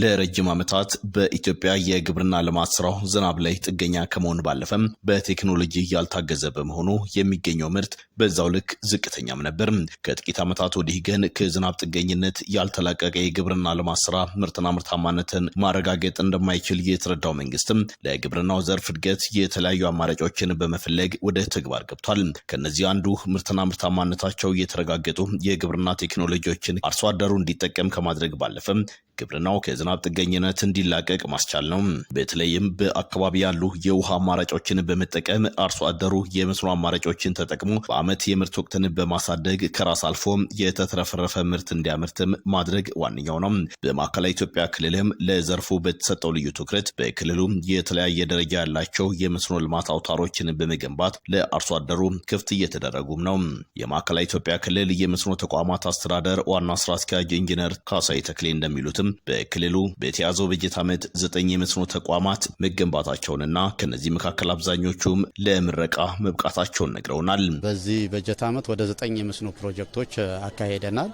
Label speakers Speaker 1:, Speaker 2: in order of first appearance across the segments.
Speaker 1: ለረጅም ዓመታት በኢትዮጵያ የግብርና ልማት ስራው ዝናብ ላይ ጥገኛ ከመሆን ባለፈም በቴክኖሎጂ ያልታገዘ በመሆኑ የሚገኘው ምርት በዛው ልክ ዝቅተኛም ነበር። ከጥቂት ዓመታት ወዲህ ግን ከዝናብ ጥገኝነት ያልተላቀቀ የግብርና ልማት ስራ ምርትና ምርታማነትን ማረጋገጥ እንደማይችል የተረዳው መንግስትም ለግብርናው ዘርፍ እድገት የተለያዩ አማራጮችን በመፈለግ ወደ ተግባር ገብቷል። ከነዚህ አንዱ ምርትና ምርታማነታቸው የተረጋገጡ የግብርና ቴክኖሎጂዎችን አርሶ አደሩ እንዲጠቀም ከማድረግ ባለፈም ግብርናው ከዝናብ ጥገኝነት እንዲላቀቅ ማስቻል ነው። በተለይም በአካባቢ ያሉ የውሃ አማራጮችን በመጠቀም አርሶ አደሩ የመስኖ አማራጮችን ተጠቅሞ በዓመት የምርት ወቅትን በማሳደግ ከራስ አልፎ የተትረፈረፈ ምርት እንዲያመርትም ማድረግ ዋነኛው ነው። በማዕከላዊ ኢትዮጵያ ክልልም ለዘርፉ በተሰጠው ልዩ ትኩረት በክልሉ የተለያየ ደረጃ ያላቸው የመስኖ ልማት አውታሮችን በመገንባት ለአርሶ አደሩ ክፍት እየተደረጉም ነው። የማዕከላዊ ኢትዮጵያ ክልል የመስኖ ተቋማት አስተዳደር ዋና ስራ አስኪያጅ ኢንጂነር ካሳይ ተክሌ እንደሚሉትም በማለትም በክልሉ በተያዘው በጀት ዓመት ዘጠኝ የመስኖ ተቋማት መገንባታቸውንና ከነዚህ መካከል አብዛኞቹም ለምረቃ መብቃታቸውን ነግረውናል።
Speaker 2: በዚህ በጀት ዓመት ወደ ዘጠኝ የመስኖ ፕሮጀክቶች አካሄደናል።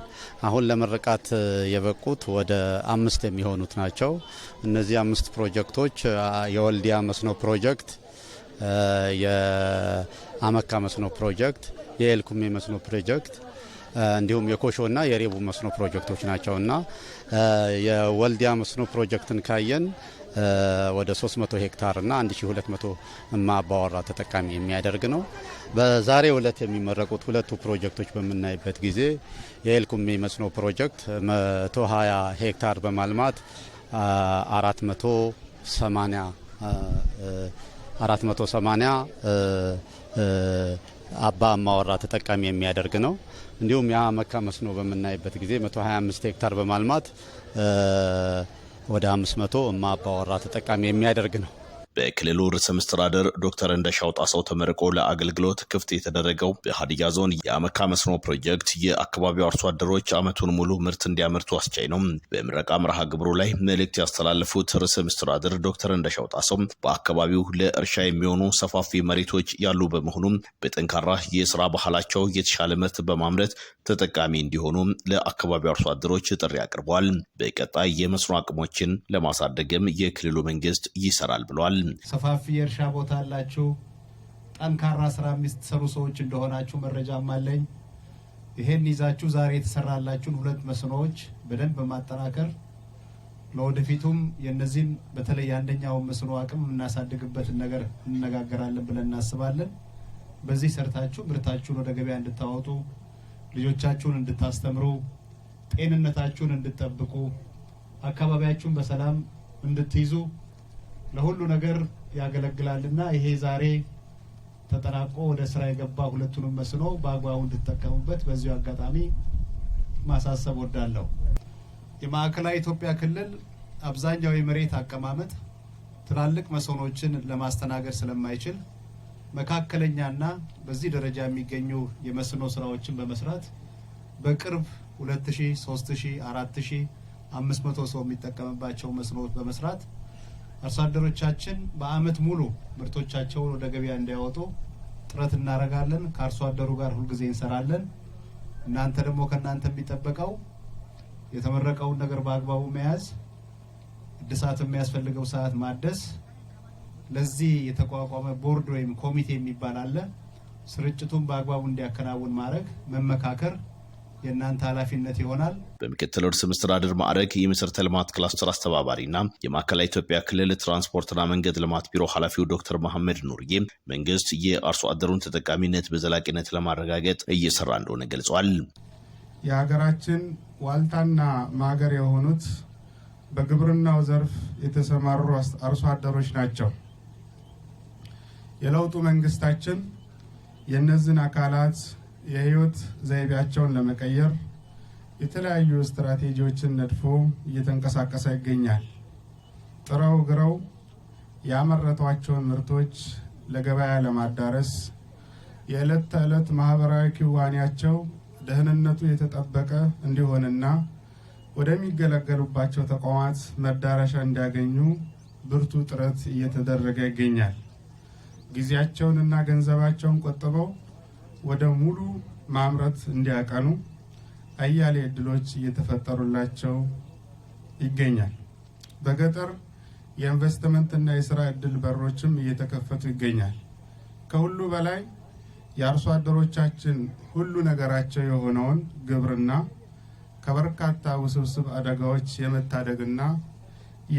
Speaker 2: አሁን ለምረቃት የበቁት ወደ አምስት የሚሆኑት ናቸው። እነዚህ አምስት ፕሮጀክቶች የወልዲያ መስኖ ፕሮጀክት፣ የአመካ መስኖ ፕሮጀክት፣ የኤልኩሜ መስኖ ፕሮጀክት እንዲሁም የኮሾና የሬቡ መስኖ ፕሮጀክቶች ናቸውና የወልዲያ መስኖ ፕሮጀክትን ካየን ወደ 300 ሄክታርና 1200 ማባወራ ተጠቃሚ የሚያደርግ ነው። በዛሬው ዕለት የሚመረቁት ሁለቱ ፕሮጀክቶች በምናይበት ጊዜ የኤልኩሜ መስኖ ፕሮጀክት 120 ሄክታር በማልማት 480 480 አባ አማወራ ተጠቃሚ የሚያደርግ ነው። እንዲሁም ያ መካ መስኖ በምናይበት ጊዜ 125 ሄክታር በማልማት ወደ 500 እማ አባወራ ተጠቃሚ የሚያደርግ ነው።
Speaker 1: በክልሉ ርዕሰ መስተዳደር ዶክተር እንደሻው ጣሰው ተመርቆ ለአገልግሎት ክፍት የተደረገው በሀዲያ ዞን የአመካ መስኖ ፕሮጀክት የአካባቢው አርሶ አደሮች አመቱን ሙሉ ምርት እንዲያመርቱ አስቻይ ነው። በምረቃ መርሃ ግብሩ ላይ መልእክት ያስተላለፉት ርዕሰ መስተዳደር ዶክተር እንደሻው ጣሰው በአካባቢው ለእርሻ የሚሆኑ ሰፋፊ መሬቶች ያሉ በመሆኑ በጠንካራ የስራ ባህላቸው የተሻለ ምርት በማምረት ተጠቃሚ እንዲሆኑ ለአካባቢው አርሶ አደሮች ጥሪ አቅርበዋል። በቀጣይ የመስኖ አቅሞችን ለማሳደግም የክልሉ መንግስት ይሰራል ብለዋል።
Speaker 3: ሰፋፊ የእርሻ ቦታ አላችሁ፣ ጠንካራ ስራ የሚሰሩ ሰዎች እንደሆናችሁ መረጃም አለኝ። ይሄን ይዛችሁ ዛሬ የተሰራላችሁን ሁለት መስኖዎች በደንብ በማጠናከር ለወደፊቱም የነዚህን በተለይ የአንደኛውን መስኖ አቅም የምናሳድግበትን ነገር እንነጋገራለን ብለን እናስባለን። በዚህ ሰርታችሁ ምርታችሁን ወደ ገበያ እንድታወጡ፣ ልጆቻችሁን እንድታስተምሩ፣ ጤንነታችሁን እንድትጠብቁ፣ አካባቢያችሁን በሰላም እንድትይዙ ለሁሉ ነገር ያገለግላልና ይሄ ዛሬ ተጠናቆ ወደ ስራ የገባ ሁለቱንም መስኖ በአግባቡ እንድጠቀሙበት በዚሁ አጋጣሚ ማሳሰብ ወዳለሁ። የማዕከላዊ ኢትዮጵያ ክልል አብዛኛው የመሬት አቀማመጥ ትላልቅ መስኖችን ለማስተናገድ ስለማይችል መካከለኛና በዚህ ደረጃ የሚገኙ የመስኖ ስራዎችን በመስራት በቅርብ 2000፣ 3000፣ 4000፣ 500 ሰው የሚጠቀምባቸው መስኖዎች በመስራት አርሶ አደሮቻችን በአመት ሙሉ ምርቶቻቸውን ወደ ገበያ እንዲያወጡ ጥረት እናደርጋለን። ከአርሶ አደሩ ጋር ሁልጊዜ እንሰራለን። እናንተ ደግሞ ከእናንተ የሚጠበቀው የተመረቀውን ነገር በአግባቡ መያዝ፣ እድሳት የሚያስፈልገው ሰዓት ማደስ። ለዚህ የተቋቋመ ቦርድ ወይም ኮሚቴ የሚባል አለ። ስርጭቱን በአግባቡ እንዲያከናውን ማድረግ፣ መመካከር የእናንተ ኃላፊነት ይሆናል።
Speaker 1: በምክትል ርዕሰ መስተዳድር ማዕረግ የመሰረተ ልማት ክላስተር አስተባባሪና የማዕከላዊ ኢትዮጵያ ክልል ትራንስፖርትና መንገድ ልማት ቢሮ ኃላፊው ዶክተር መሐመድ ኑርዬ መንግስት የአርሶ አደሩን ተጠቃሚነት በዘላቂነት ለማረጋገጥ እየሰራ እንደሆነ ገልጿል።
Speaker 4: የሀገራችን ዋልታና ማገር የሆኑት በግብርናው ዘርፍ የተሰማሩ አርሶ አደሮች ናቸው። የለውጡ መንግስታችን የእነዚህን አካላት የህይወት ዘይቤያቸውን ለመቀየር የተለያዩ ስትራቴጂዎችን ነድፎ እየተንቀሳቀሰ ይገኛል። ጥረው ግረው ያመረቷቸውን ምርቶች ለገበያ ለማዳረስ የዕለት ተዕለት ማህበራዊ ክዋኔያቸው ደህንነቱ የተጠበቀ እንዲሆንና ወደሚገለገሉባቸው ተቋማት መዳረሻ እንዲያገኙ ብርቱ ጥረት እየተደረገ ይገኛል። ጊዜያቸውንና ገንዘባቸውን ቆጥበው ወደ ሙሉ ማምረት እንዲያቀኑ አያሌ እድሎች እየተፈጠሩላቸው ይገኛል። በገጠር የኢንቨስትመንትና የስራ እድል በሮችም እየተከፈቱ ይገኛል። ከሁሉ በላይ የአርሶ አደሮቻችን ሁሉ ነገራቸው የሆነውን ግብርና ከበርካታ ውስብስብ አደጋዎች የመታደግና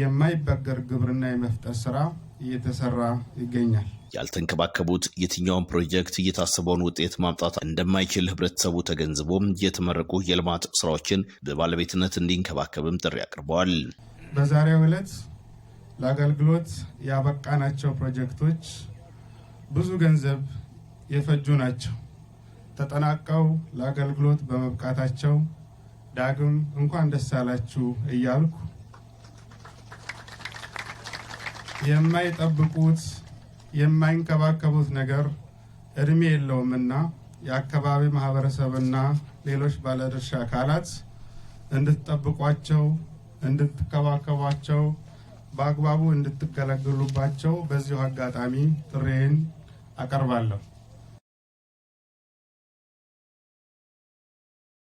Speaker 4: የማይበገር ግብርና የመፍጠር ስራ እየተሰራ ይገኛል።
Speaker 1: ያልተንከባከቡት የትኛውን ፕሮጀክት የታሰበውን ውጤት ማምጣት እንደማይችል ህብረተሰቡ ተገንዝቦ የተመረቁ የልማት ስራዎችን በባለቤትነት እንዲንከባከብም ጥሪ አቅርበዋል።
Speaker 5: በዛሬው ዕለት ለአገልግሎት ያበቃናቸው ፕሮጀክቶች ብዙ ገንዘብ የፈጁ ናቸው። ተጠናቀው ለአገልግሎት በመብቃታቸው ዳግም እንኳን ደስ አላችሁ እያልኩ የማይጠብቁት የማይንከባከቡት ነገር እድሜ የለውምና የአካባቢ ማህበረሰብና ሌሎች ባለድርሻ አካላት እንድትጠብቋቸው፣ እንድትከባከቧቸው፣ በአግባቡ እንድትገለግሉባቸው በዚሁ አጋጣሚ ጥሬን አቀርባለሁ።